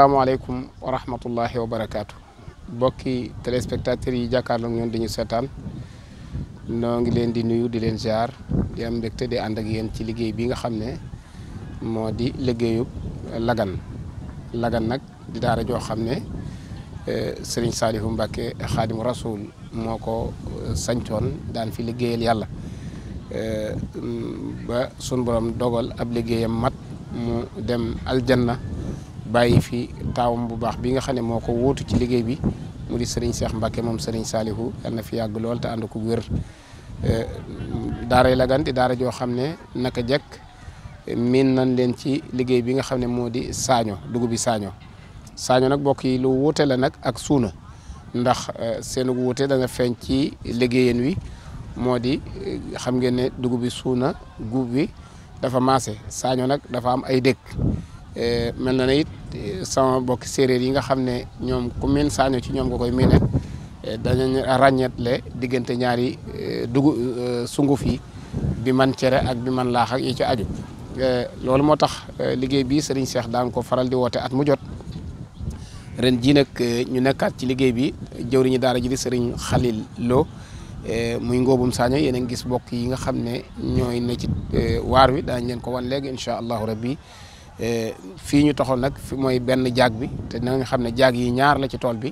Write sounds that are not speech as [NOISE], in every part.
asalaamaaleykum wa rahmatullahi wa barakaatu bokki téléspectateurs yi jàkkaarloog ñoom dañu seetaan noo ngi leen di nuyu di leen ziar di am mbégte di ànd ak yéen ci liggéey bi nga xam ne moo di liggéeyub lagan Lagane nag di daara joo xam ne eh, Serigne Saliou Mbacke Xaadimu Rasul moo ko eh, sancoon daan fi liggéeyal yàlla eh, mm, ba sun borom dogal ab liggéeyam mat mu dem aljanna bàyyi fi taawam bu baax bii nga xam ne moo ko wóotu ci liggéey bi mu di sëriñ seex Mbacke moom sëriñ Salihu yàlla na fi yàgg lool te a ko wér euh, daaray Lagane daara joo xam ne naka jekk euh, miin nañ leen ci liggéey bi nga xam ne moo di saaño dugub bi saaño saaño nag bokk yi lu wuute la nag ak suuna ndax euh, seen wuute danga feeñ ci liggéeyeen wi moo di xam ngeen ne dugub bi suuna guub bi dafa maase saaño nag dafa am ay dëkk Eh, mel na ne it eh, sama bokki séeréer yi nga xam ne ñoom ku miin saaño ci ñoom nga koy miine eh, dañu ràññeetle diggante ñaari dugu sunguf yi bi man cere ak bi man laax yi ci aju loolu moo tax liggéey bi sëriñ Cheikh daan ko faral di woote at mu jot ren jii nag ñu nekkaat ci liggéey bi jëwriñu daara ji di sëriñ Khalil Lo muy ngóobum saaño yéen gis bokk yi nga xam ne ñooy ne ci waar wi daañ leen ko wan léegi incha allahu rabbi Eh, fii ñu taxoon nag fi mooy benn jaag bi te nañ xam ne jaag yi ñaar la ci tool bi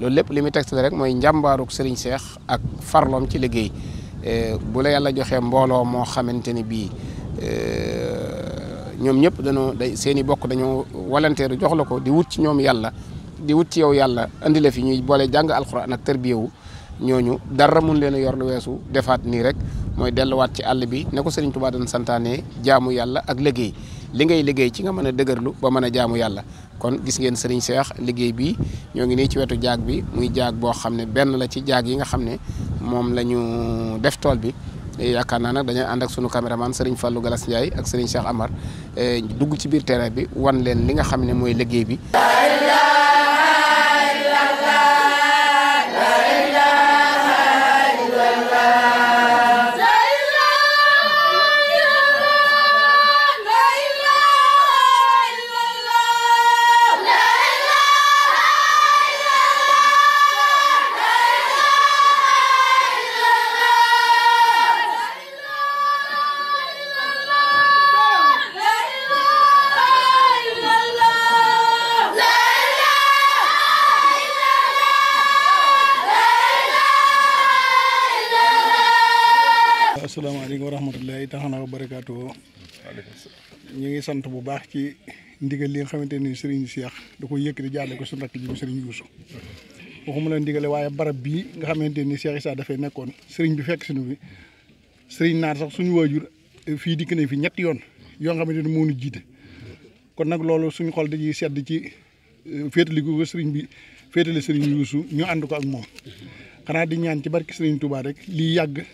loolu lépp li muy tegtal rek mooy njàmbaaruk Serigne Cheikh ak farloom ci liggéey eh, bu la yàlla joxee mbooloo moo xamante ni bii eh, ñoom ñëpp dañoo day seen i bokk dañoo walanteeru jox la ko di wut ci ñoom yàlla di wut ci yow yàlla andi la fi ñuy boole jàng alxuraan ak tërbiyewu ñooñu dara mun leen a yor lu weesu defaat nii rek mooy delluwaat ci àll bi ne ko Serigne Touba santaane jaamu yàlla ak liggéey. li ngay liggéey ci nga mën a dëgërlu ba mën a jaamu yàlla kon gis ngeen sëriñ Seex liggéey bi ñoo ngi nii ci wetu jaag bi muy jaag boo xam ne benn la ci jaag yi nga xam ne moom la ñu def tool bi yaakaar naa nag dañuy ànd ak sunu caméraman sëriñ Fallou Galas Ndiaye ak sëriñ Cheikh Amar eh, dugg ci biir terrain bi wan leen li nga xam ne mooy liggéey bi ngi sant bu baax ci ndigal li nga xamante ni sëriñ Cheikh da ko yëkkati jaarle ko suñu rakk ji bi sëriñ Youssou waxuma la ndigale waaye barab bii nga xamante ni Cheikh Issa dafay nekkoon sëriñ bi fekk sinu bi sëriñ naar sax suñu waajur eh, fii dikk nañ fi ñetti yoon yoo nga xamante ni moo ñu jiite kon nag loolu suñu xol dañuy sedd ci eh, féetali sëriñ bi féetali sëriñ Youssou ñu ànd ak moom xanaa di ñaan ci barki sëriñ Touba rek lii yàgg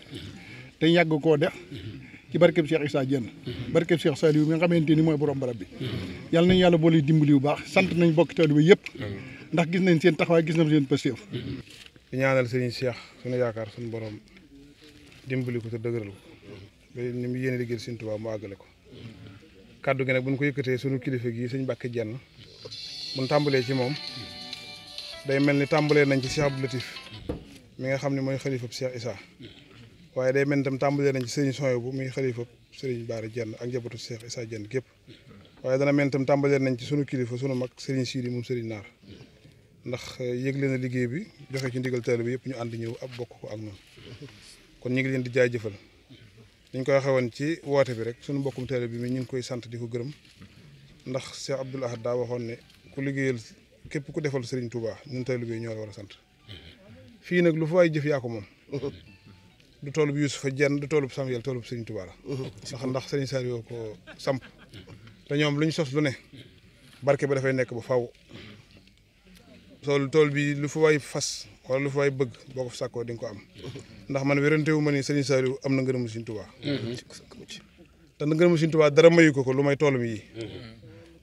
te yàgg koo def ci barkeb Cheikh Issa Diène barkeb Cheikh Saliou mi nga xamante ni mooy borom barab bi yàlla nañu yàlla boole dimbali bu baax sant nañ bokki taalibe yëpp ndax gis nañ seen taxawaay gis nañ seen pasteef di ñaanal sëriñ Cheikh sunu yaakaar sunu borom dimbali ko te dëgëral ko ba ni mu yéene liggéey mu àggale ko kàddu gi nag bu ñu ko yëkkatee sunu kilifa gi sëñ Mbàkke Diène mun tàmbalee ci moom day mel ni tàmbalee nañ ci Cheikh Abdou mi nga xam ne mooy xalifab Cheikh Issa waaye day mentam tam tàmbalee nañ ci sëriñ Soye bu muy xalifa sëriñ Baara Jenn ak njabootu Cheikh Issa Jenn gépp waaye dana mentam tam tàmbalee nañ ci sunu kilifa sunu mag sëriñ Sidi moom sëriñ Naar ndax eh, yëgle na liggéey bi joxe ci ndigal taalibe bi yëpp ñu ànd ñëw ab bokk ko ak noonu kon ñu ngi leen di jaajëfal ñu koy waxee ci woote bi rek sunu mbokkum taalibe bi mi ñu ngi koy sant di ko gërëm ndax Cheikh Abdoul Ahad daa waxoon ne ku liggéeyal képp ku defal sëriñ Touba ñun taalibe bi ñoo la war a sant fii nag lu fa jëf yaa ko moom du toolub Yuusufa jenn du toolub Samuel toolub Serigne Touba la mhm. ndax ndax Serigne Saliou yoo ko samp te ñoom lu ñu sos lu ne barke ba dafay nekk ba faw sool tool bi lu fa waay fas wala lu fa waay bëgg boo ko fa sàkkoo di nga ko am ndax man wérante wu ma ni Serigne Saliou am na ngërëmu Serigne Touba te ngërëmu Serigne Touba dara mayu ko ko lu may toolam yi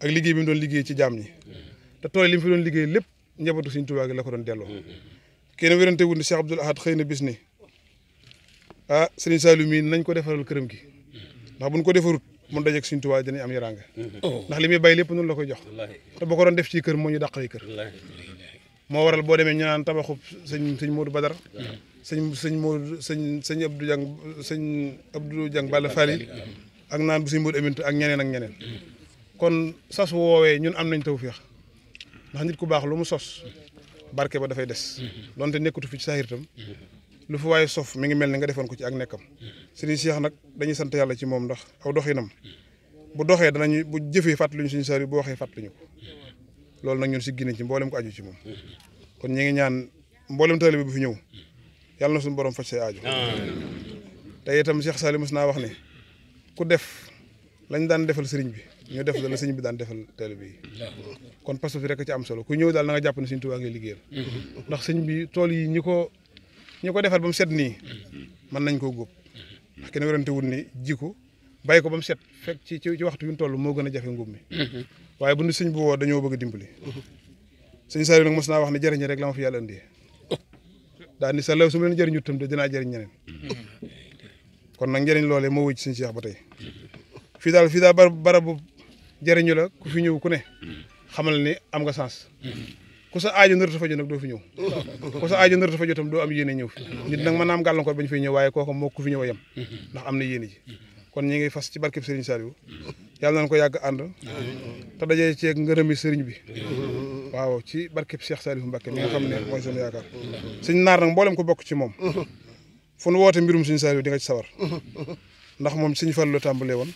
ak liggéey bi mu doon liggéey ci jaam ñi te tool li mu fi doon liggéey lépp njabootu Serigne Touba gi la ko doon delloo mhm. kenn wérante wu ni Cheikh Abdoul Ahad xëy na bis ni ah sëriñ Saliou mii nañ ko defaral këram gi ndax buñ ko defarut mun dajeeg suñ Tuubaa dinañ am yaraanga mm-hmm. ndax li muy bay lépp nun la koy jox te boo ko doon def ci kër moo ñu dàqali kër moo waral boo demee ñu naan tabaxu sëñ sëñ Modou Badar mm-hmm. sëñ sëñ Modou sëñ sëñ Abdou Diang sëñ Abdou Diang Balla ak naan bu sëñ Modou Aminta ak ñeneen ak ñeneen mm-hmm. kon sas woowee ñun am nañ taw tawfeex ndax nit ku baax lu mu sos barke ba dafay des donte nekkutu fi ci saahir lu fi waaye sof mi ngi mel ne nga defoon ko ci ak nekkam sëriñ Cheikh nag dañuy sant yàlla ci moom ndax aw doxinam bu doxee danañu bu jëfee fàttaliñu suñu sar yi bu waxee fàttaliñu loolu nag ñun si gine ci mboolem ko aju ci kon ñu ngi ñaan mboolem taalibe bi bu fi ñëw yàlla na suñu borom faj say aajo te itam Cheikh Saliou mos naa wax ne ku def lañ daan defal sëriñ bi ñu def la sëriñ bi daan defal taalibe yi kon parce que rek ci am solo ku ñëw daal na nga jàpp ne Sëriñ Tuubaa ngay liggéeyal mm-hmm. ndax sëriñ bi tool yi ñi ko ñu ko defar ba mu set nii mën nañ koo góob ndax kenn werante wul ni ji ko bàyyi ko ba mu set fekk ci ci waxtu wi mu toll moo gën a jafe ngóob mi waaye bu nu sëñ bu woo dañoo bëgg a dimbali sëñ Saliou nag mos naa wax ne jëriñ rek la fi yàlla indi daal ni sa law su ma leen jëriñu tam dinaa jëriñ ñeneen kon nag njëriñ loolee moo wëcc sëñ Cheikh ba tey fii daal fii daal barabu jariñu la ku fi ñëw ku ne xamal ni am nga sens ku sa aajo ndër dafa jo nag doo fi ñëw ko sa aajo ndër dafa jo tam doo am yéene ñëw fi nit nag mën naa am gàllankoor bañ fay ñëw waaye kooku moo ku fi ñëw a yem ndax am na yéene kon ñi ngi fas ci barkeb Serigne Saliou yàlla nañ ko yàgg ànd te dajee ceeg ngërëmi Serigne bi waaw ci barkeb Cheikh Saliou Mbacke mi nga xam ne mooy seen yaakaar sëñ naar nag mboolem ko bokk ci moom fu nu woote mbirum Serigne Saliou di nga ci sawar ndax moom Serigne Fallou tàmbalee woon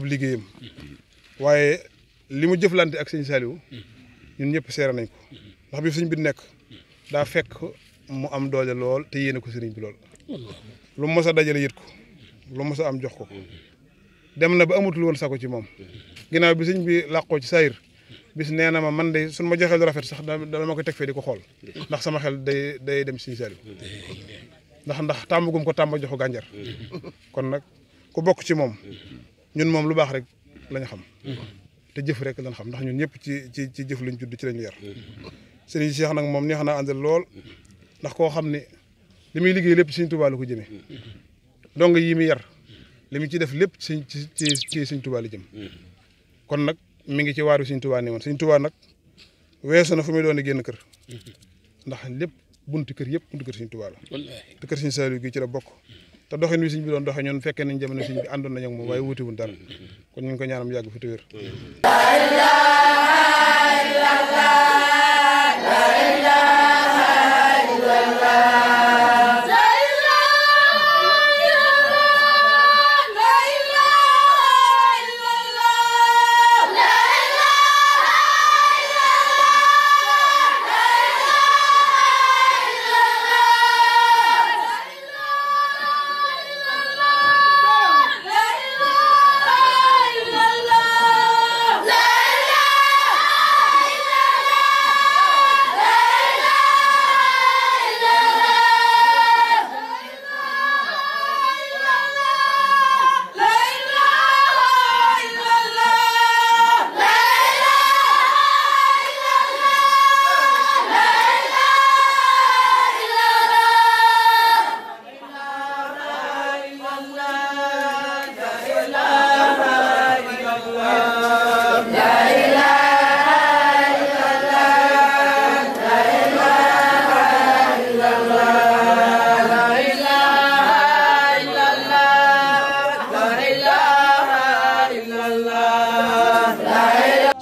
liggéeyam waaye li mu jëflante ak Serigne Saliou ñun ñëpp seere nañ ko ndax bi sëñ bi nekk daa fekk mu am doole lool te yéene ko sëriñ bi lool lu mos a dajale yët ko lu mos a am jox ko dem na ba amatul woon sako ci moom ginnaaw bi sëñ bi làqoo ci sayir bis nee na ma man de suñ ma joxee lu rafet sax dama ko teg fee di ko xool ndax sama xel day day dem sëñ Saliou ndax ndax tàmbagum ko tàmba jox ko gànjar kon nag ku bokk ci moom ñun moom lu baax rek lañu xam te jëf rek lañ xam ndax ñun ñëpp ci ci ci jëf lañ judd ci lañ yar mm-hmm. sëriñ Cheikh nag moom neex naa àndal lool ndax koo xam ne li muy liggéey lépp sëriñ Tuubaa la ko jëmee mm-hmm. dong yi muy yar li mu ci def lépp ci ci ci sëriñ Tuubaa la jëm mm-hmm. kon nag mi ngi ci waaru sëriñ Tuubaa ne woon sëriñ Tuubaa nag weesu na fu muy doon génn kër ndax lépp buntu kër yëpp buntu kër sëriñ Tuubaa la te kër sëriñ Saliou gi ci la bokk te doxin wi sëñ bi doon doxe ñun fekkee nañ jamono sëñ bi àndoon nañu ak moom waaye wuti wuñ dara kon ñu ngi ko ñaanam yàgg fi tuwér la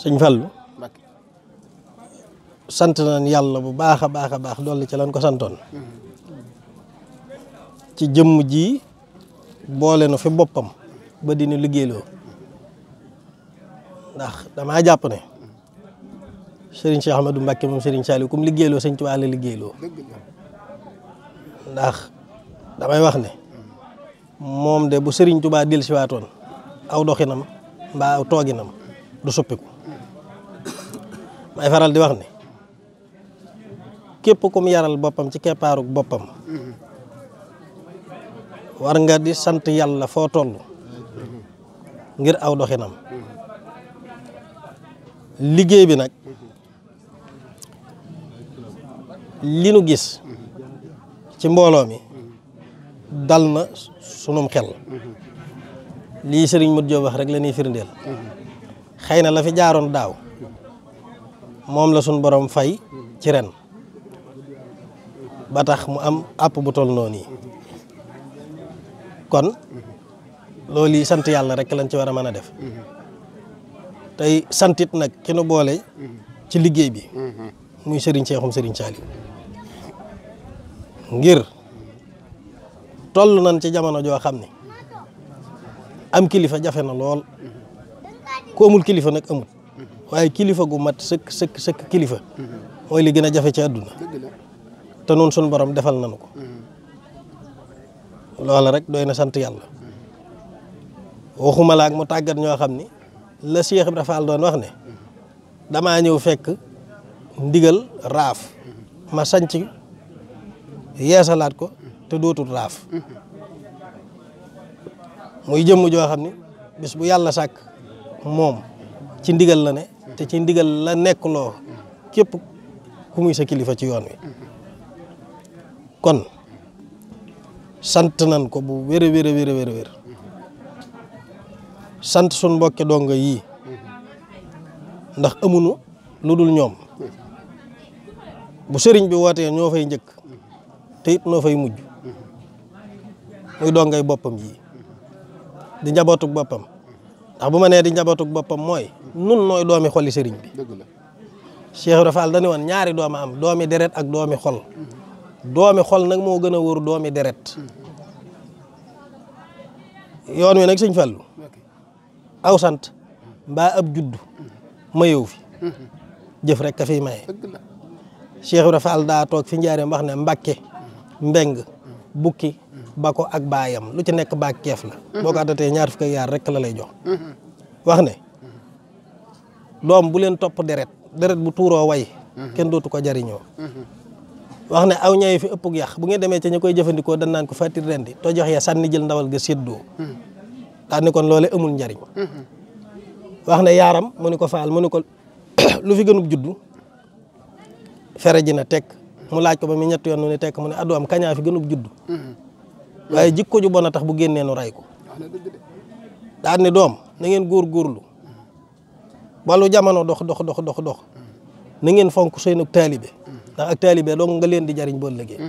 sëñ Fallu sant nañ yàlla bu baax a baax a baax dolli ci lan ko santoon ci jëmm ji boole nu fi boppam ba dinu liggéeyloo ndax damaa jàpp ne sëriñ Cheikh Ahmadou Mbacké moom sëriñ Saliou kum liggéeyloo sëñ Tuubaa la damay wax ne moom de bu sëriñ Tuubaa siwaatoon aw doxinam mbaa aw tooginam du suppiku may faral di wax ni képp kum yaral boppam ci keppaaruk boppam war nga di sant yàlla foo toll ngir aw doxinam liggéey bi nag li nu gis ci mbooloo mi dal na sunum xel lii sëriñ Modou Diop wax rek la ñuy xëy na la fi jaaroon daaw moom la suñ borom fay ci ren ba tax mu am àpp bu toll noonu yi kon loolu yi sant yàlla rek lañ ci war a mën a def tey santit nag ki nu boole ci liggéey bi muy sëriñ Seexum sëriñ Saaliw ngir toll nañ ci jamono joo xam ne am kilifa jafe na lool ku amul kilifa nag amul waaye kilifa gu mat sëkk sëkk sëkk kilifa mooy li gën a jafe ci àdduna te noonu sun borom defal nañu ko mm-hmm. loola rek doy na sant yàlla waxuma mu tàggat ñoo xam ni la Cheikh Ibra doon wax ne dama ñëw fekk ndigal raaf ma sanc yeesalaat ko te dootul raaf muy jëmm joo xam ni bis bu yàlla sàkk moom ci ndigal la ne te ci ndigal la nekk loo képp ku muy sa kilifa ci yoon wi kon sant nan ko bu wér a wér a wér sant suñ mbokke donga yi ndax amunu lu dul ñoom bu sëriñ bi wootee ñoo fay njëkk te noo fay mujj muy dongay boppam yi di njabootuk boppam ndax bu ma nee di njabootug boppam mooy nun nooy doomi xoli sëriñ bi Cheikh Ibra Fall dañu woon ñaari dooma am doomi deret ak doomi xol doomi xol nag moo gën a wóor doomi deret yoon wi nag sëñ Fallu aw sant mbaa ab juddu ma yow fi jëf rek ka fiy maye Cheikh Ibra Fall daa toog fi njaareem mbax ne Mbakke Mbeng Bukki ko ak baayam lu ci nekk baak keef la boo ko àddatee ñaar fukk ak yaar rek la lay jox wax ne doom bu leen topp deret deret bu tuuroo way kenn dootu ko jariñoo wax ne aw ñayi fi ëpp yàq bu ngeen demee ca ñu koy jëfandikoo dan naan ko fàttir ren di too jox ya sànni jël ndawal ga séddoo daa ni kon loole amul njariñ wax ne yaaram mu ni ko faal mu ni ko [COUGHS] lu fi gënub juddu fere ji na tekk mu laaj ko ba mu ñett yoon mu ni tekk mu ne addu kañaa fi gënub juddu waaye jikko ji bon a tax bu génnee nu ray ko daal ne doom na ngeen góorgóorlu balu jamono dox dox dox dox dox na fonk seenug taalibe ndax ak taalibe dong nga leen di jariñ boo liggéey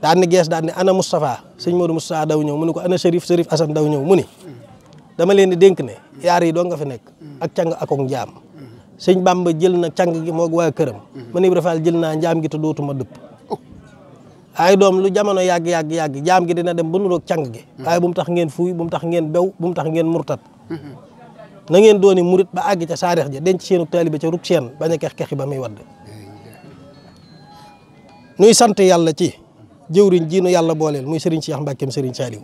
daal ni gees daal ni ana Moustapha sëñ Modou Moustapha daw ñëw mu ne ko ana Serif Serif Assane daw ñëw mu ni dama leen di dénk ne yaar yi doo nga fi nekk ak càng akok njaam sëñ Bamba jël na càng gi moog waa këram man Ibra Fall jël naa njaam gi te dootuma dëpp ay doom lu jamono yàgg yàgg yàgg jaam gi dina dem ba nuroog càng gi waaye hmm. bu mu tax ngeen fuuy bu mu tax ngeen bew bu mu tax ngeen murtat hmm. na ngeen dooni murit ba àgg ca saarix ja denc seenu taalibe ca ruk seen bañ a kex-kexi ba muy wadd nuy sant yàlla ci jëwriñ jiinu yàlla booleel muy Serigne Cheikh Mbackeem Serigne Saliou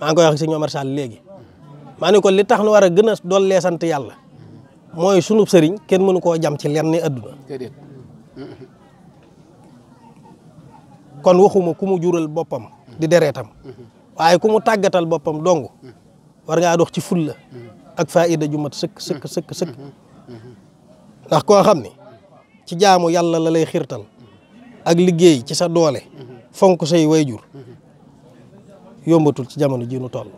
maa ngi koy wax si ñoom Omar Sall maa ne ko li tax nu war a gën a dollee sant yàlla mooy sunub sëriñ kenn mënu koo jam ci lenn adduna kon waxuma ku mu jural boppam di dereetam waaye ku mu tàggatal boppam dong war ngaa dox ci fulla ak faayida ju mat sëkk sëkk sëkk ndax koo xam ni ci jaamu yàlla la lay xirtal ak liggéey ci sa doole fonk say wayjur yombatul ci jamono ji nu toll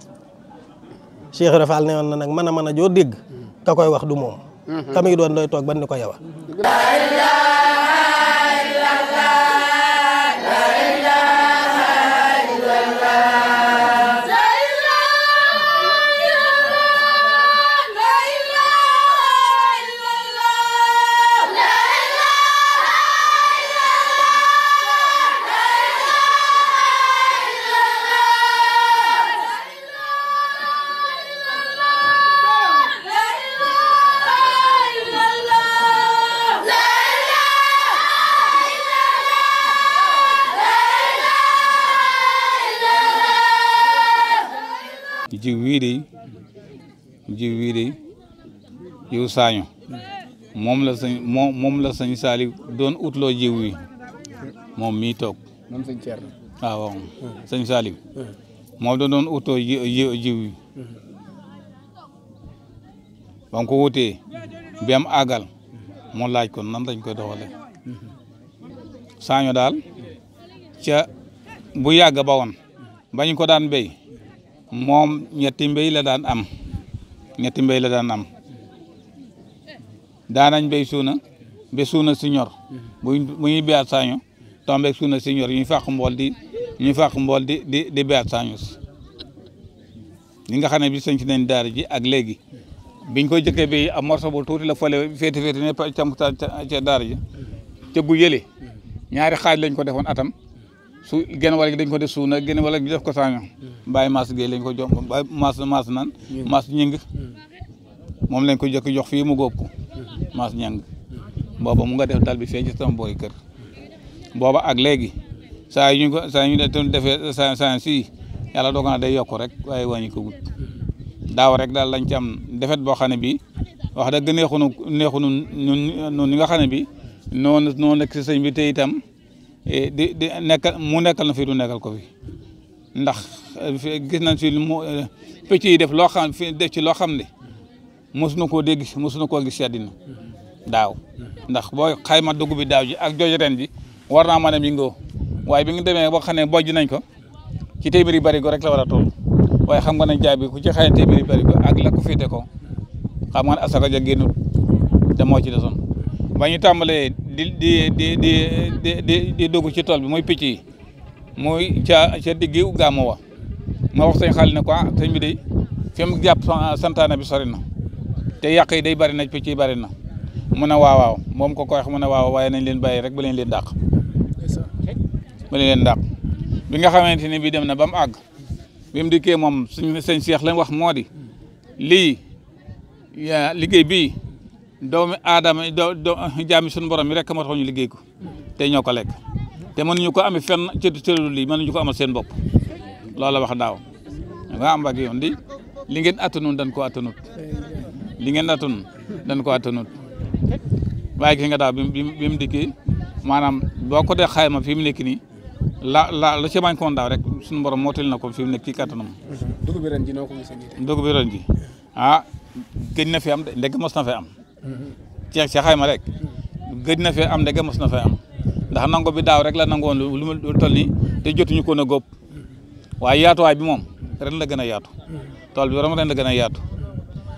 Cheikh Rafal ne woon nag mën a mën a joo dégg ka koy wax du moom ka muy doon doy toog ban ni ko yow wii de jiw wii de jiw saaño moom la sañ moom moom la sëñ Saali doon utloo jiw wi moom mii toog ah, waaw waaw hmm. sëñ Saali hmm. moom da doon utoo jiw jiw wi hmm. ba mu ko wutee bi am àggal laaj kon nan lañ koy doxale saaño daal ca bu yàgg ba bañ ko daan béy moom ñetti mbéy la daan am ñetti mbéy la daan am daanañ béy suuna be suuna siñor ñor bu ñuy béyaat saañu tombeeg suuna si ñor ñu fàq mbool di ñu fàq mbool di di di béyaat saañu li nga xam ne bi sañ ci nañ daara ak léegi biñ koy jëkkee bi a morso bu tuuti la fole féeti féeti ne cam ca daara ji ca gu yële ñaari xaaj lañ ko defoon atam su genn wàll gi dañ ko def suuna genn wàll gi def ko saaño mbaay maas géey lañ ko jox mbaay maas maas nan maas ñëng moom lañ ko jëkk jox fii mu góob ko mm-hmm. maas ñëng booba mu nga def dal bi fee ci sama kër booba ak léegi saa ñu ko saa yu ñu defee saa saa si yàlla doog na yokk rek waaye wàññi ko mm-hmm. wut rek daal lañ ci am defet boo xam ne bii wax dëgg neexunu neexunu ñun ñun ñi nga xam ne bii noonu noonu nekk bi te itam Eh, di di nekk mu nekkal na fi du nekkal ko fi ndax eh, gis nañ si mu eh, picc yi def loo xam def ci loo xam ne mosuñu koo dégg mosuñu koo gis seddina daaw ndax boo xayma dugub bi daaw ji ak jooju ren ji war naa mën a mingoo waaye bi nga demee boo xam ne bojj nañ ko ci téeméeri bari ko rek la war a toll waaye xam nga ne jaay ku ci xëy na téeméeri bari ko ak la ko féete ko xam nga na asaka ja génn te moo ci desoon ba ñu tàmbalee di di di di di di dugg ci tool bi mooy picc yi mooy ca ca diggi gàmmu wa ma wax sëñ xaalis ne quoi ah, sëñ bi de fi mu jàpp santaane bi sori na te yàq yi day bari na picc yi bari na mun a waaw moom ko koy wax mu ne waaw waaye nañ leen bàyyi rek ba leen leen dàq ba leen leen bi nga xamante ne bii dem na ba mu àgg bi mu moom suñ sëñ Cheikh lañ wax moo di lii liggéey bii doomi aadama do do jaami suñu borom mi rek moo tax ñu liggéey ko te ñoo ko lekk te ñu ko amee fenn ci cëralu lii mënuñu ko amal seen bopp loola wax daaw nga am ak yoon di li ngeen attanul dañ ko attanut li ngeen attanul dañ ko attanut waaye gis nga daaw bi bi mu maanaam boo ko dee xayma fi mu nekk nii la la la ci koon daaw rek suñu borom mootali na ko fi mu nekk ci kattanam. dugub bi ko gisee dugub bi ren ji ah gëj na fi am de ndeg mos na fi am. ceex ci xayma rek gëj na fee am ndege mos na fee am ndax nango bi daaw rek la nangoon lu toll nii te jotuñu ko na góob waaye yaatuwaay bi moom ren la gën a yaatu tool bi ren la gën a yaatu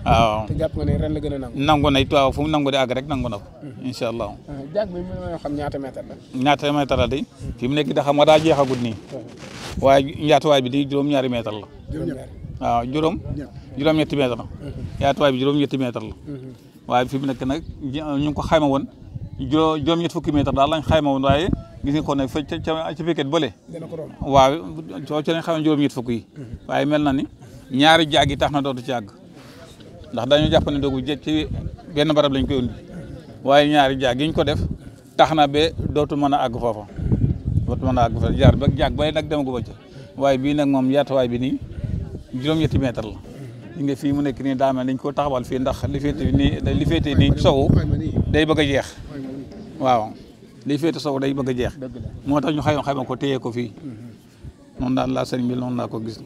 waaw. te ren la gën a nangu. nangu na it waaw fu mu nangu di rek nangu na ko. Mhm. incha allah. Ah, jàpp mi ma xam ñaata mètre la. ñaata mètre la mu nekk da xam nga daa jeexagut ni ah. waaye yaatuwaay bi di juróom-ñaari mètre la. waaw juróom. juróom-ñetti mètre la. Mhm. yaatuwaay bi juróom-ñetti mètre la. Mhm. waaye fi mu nekk nag ñu ngi ko xayma woon juróom juróom-ñett fukki mètre daal lañ xayma woon waaye gis nga ko ne fa ca ca piquet bële waaw soo ci lañ xayma juróom-ñett fukk mhm. waaye mel na ni ñaari jaag yi tax na dootu ci àgg ndax dañoo jàpp ne doogu jë ci benn barab lañ koy waaye ñaari jaag yi ko def tax na ba dootu mën a àgg foofa dootu mën a àgg foofa jaar ba jaag bay nag demagu ba ca waaye bii nag moom yaatuwaay bi ni juróom-ñetti mètre la li nga fii mu nekk nii daa mel dañ koo taxawal fii ndax li ni nii li féete nii sow day bëgg a jeex waaw li sow day bëgg a jeex moo tax ñu xayma xayma ko téye ko fii mhm. noonu daal laa sëriñ bi noonu naa ko gis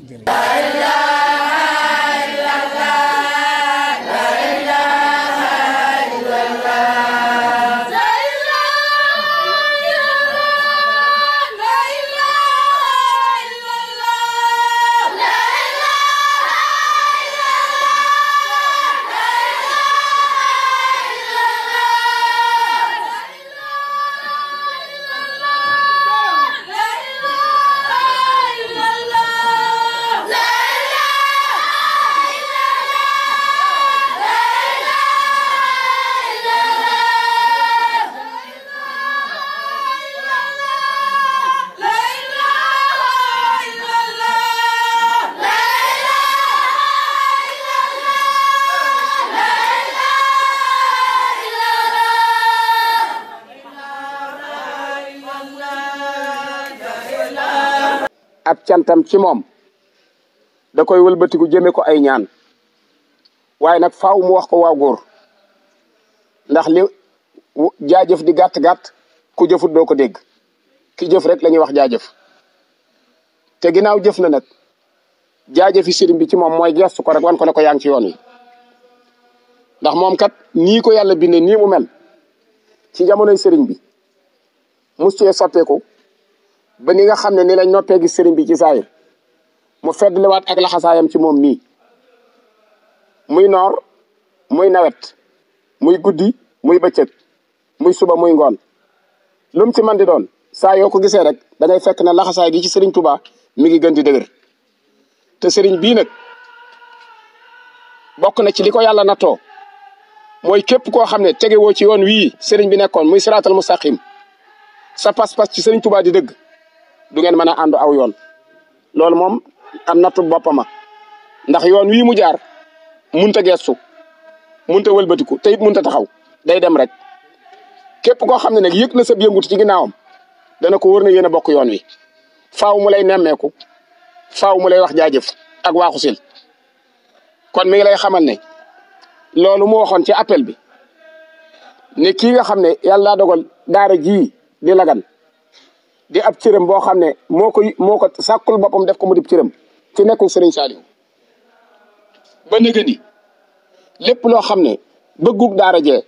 ab cantam ci moom da koy wëlbatiku jëme ko ay ñaan waaye nag faaw mu wax ko waaw góor ndax li jaajëf di gàtt-gàtt ku jëfut do ko dégg ki jëf rek la wax jaajëf te ginnaaw jëf na nag jaajëfi sëriñ bi ci moom mooy gestu ko rek wan ko ne ko ci yoon wi ndax moom kat nii ko yàlla bindee nii mu mel ci jamonoy sëriñ bi mus cee soppeeku ba ni nga xam ne ni la noppee gis sëriñ bi ci saayir mu feddliwaat ak laxasaayam ci moom mii muy noor muy nawet muy guddi muy bëccëg muy suba muy ngoon lu mu ci di doon saa yoo ko gisee rek da ngay fekk ne laxasaay gi ci sëriñ Touba mi ngi gën di dëgër te sëriñ bii nag bokk na ci li ko yàlla nattoo mooy képp koo xam ne tege woo ci yoon wii sëriñ bi nekkoon muy siraatal mustaqim sa pas-pas ci sëriñ Touba di dëgg du ngeen mën a ànd aw yoon loolu moom am nattu boppama ndax yoon wii mu jaar munta gestu munta wëlbatiku te it munta taxaw day dem rek képp koo xam ne nag yëg na sa yëngutu ci ginnaawam dana ko wër na yéen a bokk yoon wi faw mu lay nemmeeku faaw mu lay wax jaajëf ak waaxu sil kon mi ngi lay xamal ne loolu mu waxoon ci appel bi ne ki nga xam ne yàlla dogal daara ji di lagan di ab cëram boo xam ne moo koy moo ko sàkkul boppam def ko mu dib cëram ci nekkul Serigne Saliou ba nëgë lépp loo xam ne bëggug daara jee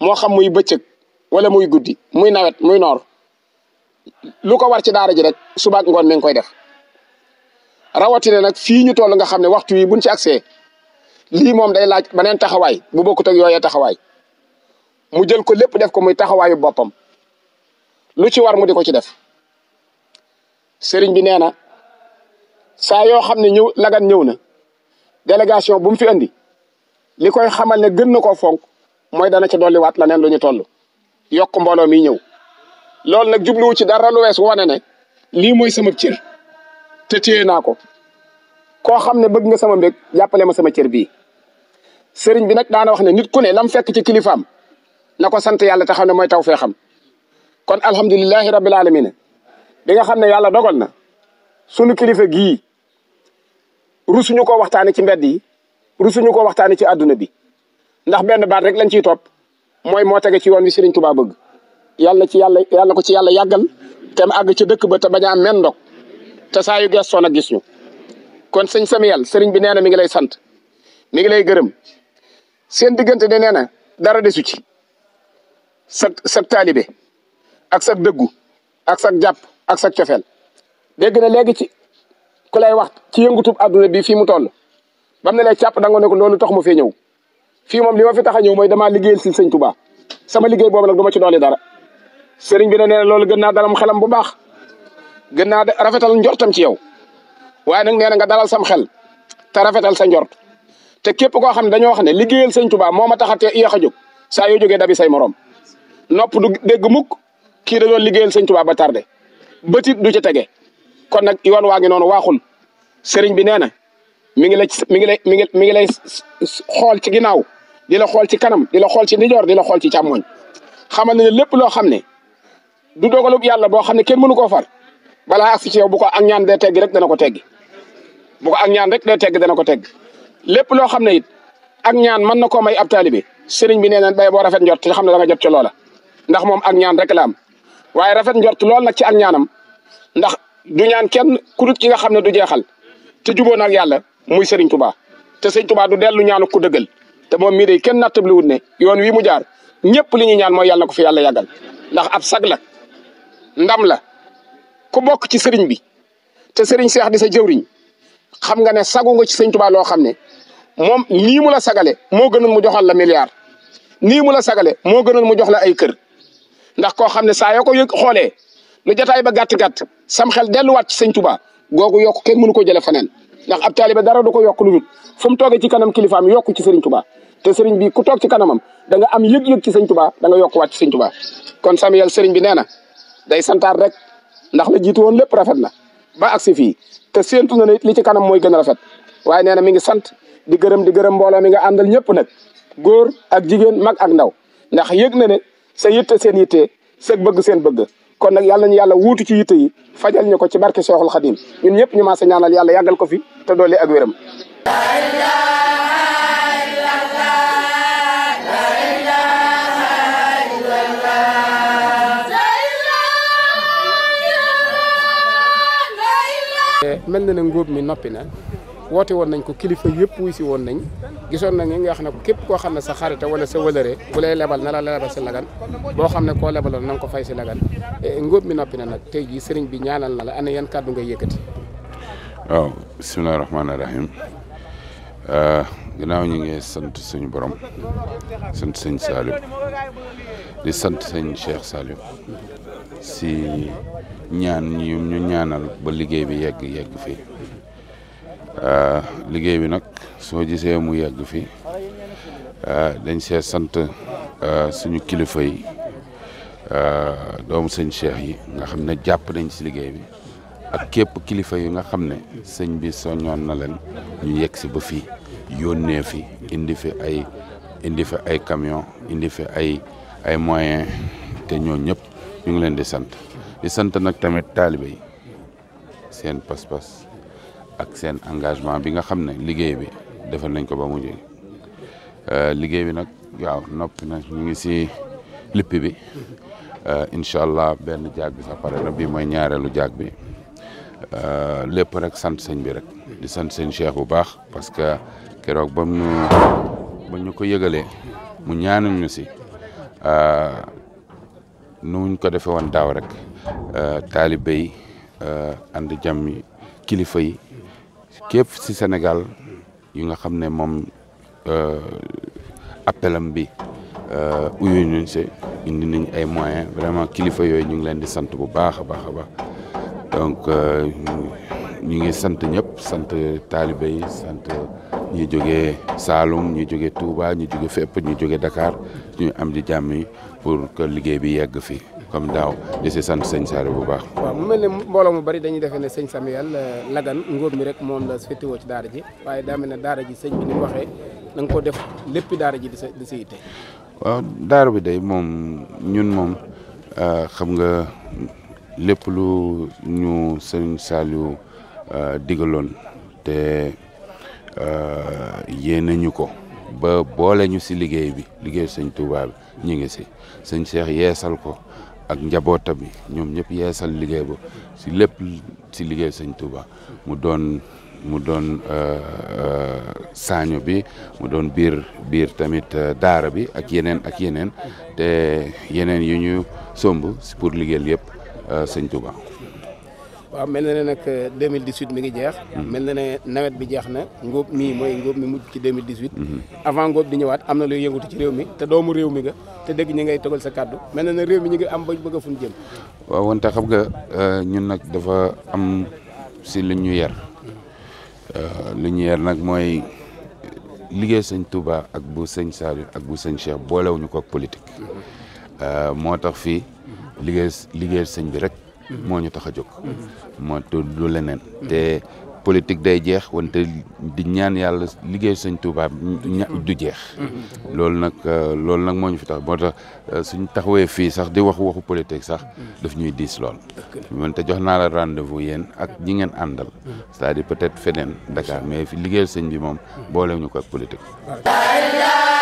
moo xam muy bëccëg wala muy guddi muy nawet muy noor lu ko war ci daara ji rek subaak ngoon mi ngi koy def rawatina nag fii ñu toll nga xam ne waxtu yi buñ ci accès lii moom day laaj beneen taxawaay bu bokkut ak yooyee taxawaay mu jël ko lépp def ko muy taxawaayu boppam lu ci war mu di ko ci def sëriñ bi nee na saa yoo xam ne ñëw lagan ñëw na délégation bu mu fi andi li koy xamal ne gën na koo fonk mooy dana ca dolliwaat la neen lu ñu toll yokk mbooloo mi ñëw loolu nag jubluwu ci dara lu wees wane ne lii mooy sama cër te téye naa ko koo xam ne bëgg nga sama mbég jàppale ma sama cër bii sëriñ bi daan daana wax ne nit ku ne lam fekk ci kilifaam na ko sant yàlla te xam ne mooy taw fee xam kon alhamdulilahi rabbil alamina bi nga xam ne yàlla dogal na sunu kilifa gii rusuñu ko waxtaane ci mbedd yi rusuñu ko waxtaane ci àdduna bi ndax benn baat rek lañ ciy topp mooy moo tege ci yoon wi Serigne Touba bëgg yàlla ci yàlla yàlla ko ci yàlla yàggal te mu àgg ci dëkk ba te bañ a am ndog te saayu yu gestoon ak gis ñu kon sëñ Samuel sëriñ bi nee na mi ngi lay sant mi ngi lay gërëm seen diggante de nee na dara desu ci sa sa ak sa dëggu ak sa jàpp ak sa cofeel dégg na léegi ci ku lay wax ci yëngutub àdduna bi fii mu toll bam ne lay càpp da nga ne ko loolu tax ma fee ñëw fii moom li fi tax a ñëw mooy damaa liggéeyal si sëñ Tuubaa sama liggéey boobu nag du ci doole dara sëriñ bi ne nee na loolu gën naa dalam xelam bu baax gën naa rafetal njortam ci yow waaye nag nee na nga dalal sam xel te rafetal sa njort te képp koo xam ne dañoo wax ne liggéeyal sëñ Tuubaa moo ma tax a yéex a jóg saa yoo jógee dabi say morom nopp dégg mukk kii da doon liggéeyal sëñ Tuubaa ba tardé bëtit du ci tege kon nag yoon waa ngi noonu waaxul sëriñ bi nee na mi ngi la mi ngi lay mi ngi mi ngi lay xool ci ginnaaw di la xool ci kanam di la xool ci ndijoor di la xool ci càmmooñ xamal na ne lépp loo xam ne du dogalub yàlla boo xam ne kenn mënu koo far balaa agsi ci yow bu ko ak ñaan dee teggi rek dana ko teggi buko ko ñaan rek dee tegg dana ko tegg lépp loo xam ne it ak ñaan mën na koo may ab taalibe sëriñ bi nee na day boo rafet njort te xam ne da nga jot ci loola ndax moom ak ñaan rek la waaye rafet njort lool nag ci ak ñaanam ndax du ñaan kenn ku ki nga xam ne du jeexal te juboo nag yàlla muy sëriñ tubaa te sëriñ tubaa du dellu ñaanu ku dëggal te moom mii de kenn nattable wut ne yoon wi mu jaar ñëpp li ñuy ñaan mooy yàlla ko fi yàlla yàggal ndax ab sag la ndam la ku bokk ci sëriñ bi te sëriñ seex di sa jëwriñ xam nga ne sagu nga ci sëriñ tubaa loo xam ne moom nii mu la sagale moo gënoon mu joxal la milliard nii mu la sagale moo gënoon mu jox la ay kër ndax koo xam ne saa yoo ko xoolee lu jataay ba gàtt gàtt sam xel delluwaat ci sëñ Tuubaa googu yokk kenn mënu ko jëlee feneen ndax ab be dara du ko yokk lu dul fu mu toogee ci kanam kilifaam yokk ci sëriñ Tuubaa te sëriñ bi ku toog ci kanamam danga am yëg-yëg ci sëñ Tuubaa da nga waat ci sëñ Tuubaa kon Samuel sëriñ bi nee na day santaar rek ndax la jiitu woon lépp rafet na ba agsi fi te séentu na ne li ci kanam mooy gën a rafet waaye nee na mi ngi sant di gërëm di gërëm mbooloo mi nga àndal ñëpp nag góor ak jigéen mag ak ndax yëg na ne sa yitte seen yitte sa bëgg seen bëgg kon nag yàlla ñu yàlla wuutu ci yitte yi fajal ñu ko ci barke Seexul Xadim ñun ñëpp ñu maase ñaanal yàlla yàggal ko fi te doole ak wéram mel na ne ngóob mi noppi na woote woon nañ ko kilifa yëpp wuy si woon nañ gisoon nañ nga xam ne képp koo xam ne sa xarita wala sa wëlëre bu lay lebal na la lebal si lagan boo xam ne koo lebaloon nan ko fay si lagan e, ngóob mi noppi na nag tey jii sëriñ bi ñaanal na la ana yan kàddu nga yëkkati. waaw bisimilah rahmaani euh, ñu ngi sant suñu borom sant sëñ Saliou di sant sëñ Cheikh Saliou si ñaan ñu ñaanal ba liggéey bi yegg yegg fii. Euh, liggéey bi nag soo gisee mu yegg fi euh, dañ see sant euh, suñu kilifa yi doomu sëñ Cheikh yi nga xam ne jàpp nañ si liggéey bi ak képp kilifa yi nga xam ne sëñ bi soññoon na leen ñu yegg si ba fii yónnee fi indi fi ay indi fi ay camion indi fi ay ay moyen te ñoo ñëpp ñu ngi leen di sant di sant nag tamit taalibe yi seen pas-pas ak seen engagement bi nga xam ne liggéey bi defal nañ ko ba mu jóge euh, liggéey bi nag waaw noppi na ñu ngi si lippi bi euh, incha allah benn jaag bi sax pare na bii mooy ñaareelu jaag bi euh, lépp rek sant sëñ bi rek di sant seen Cheikh bu baax parce que keroog bam ñu ba ñu ko yëgalee mu ñaanal si nu ñu ko defee woon daaw rek taalibe yi ànd jàmm yi kilifa yi képp si senegal yi nga xam ne moom euh, appelam bi euh, uyu ñu si indi nañ ay moyens vraiment kilifa yooyu ñu ngi leen di sant bu baax a baax a baax donc euh, ñu ngi sant ñëpp sant taalibe yi sant ñu jógee Saalum ñu jógee Touba ñu jóge fépp ñu jóge dakaar ñu am di jàmm yi pour que liggéey bi yegg fii comme daaw di si sant sëñ Saliou bu baax. waaw mu mel ne mbooloo mu bari dañuy defee ne sëñ Samuel euh, Lagan ngóob mi rek moom la féetewoo ci daara ji waaye daa ne daara ji sëñ bi ni mu waxee da ko def lépp daara ji di sa di sa yitte. waaw daara bi day moom ñun moom euh, xam nga lépp lu ñu sëñ Saliou euh, digaloon te yéene ñu ko. ba boole ñu si liggéey bi liggéey sëñ Touba bi ñu ngi si sëñ Cheikh yeesal ko. ak njaboota bi ñoom ñëpp yeesal liggéey ba si lépp si liggéey sëñ Touba mu doon mu doon euh, euh, saaño bi mu doon biir biir tamit euh, daara bi ak yeneen ak yeneen te yeneen yu ñu somb pour liggéeyal yëpp sëñ Touba. waaw mel na ne nag 2018 euh, mi ngi jeex. Hmm. mel na ne nawet bi jeex na ngóob mii mooy ngóob mi mujj ci 2018. Hmm. avant ngóob di ñëwaat am na luy yëngatu ci réew mi te doomu réew mi nga te dégg ñi ngay togal sa kàddu mel na ne réew mi ñu ngi am ba bëgg a fu ñu jëm. waaw wante xam nga euh, ñun nag dafa am si lu ñu yar euh, lu ñu yar nag mooy liggéey sëñ Touba ak bu sëñ Saliou ak bu sëñ Cheikh boolewuñu ko ak politique hmm. moo tax fii liggéey liggéey sëñ bi rek. moo ñu tax a jóg moo du leneen te politique day jeex wante di ñaan yàlla liggéey sëñ Tuubaa du jeex loolu nag euh, loolu nag moo ñu fi tax boo tax euh, suñ taxawee fii sax di wax waxu politique sax daf ñuy diis lool wante jox naa la rendez-vous yéen ak ñi ngeen àndal cest à peut-être feneen Dakar mais liggéey sëñ bi moom boole ñu ko ak politique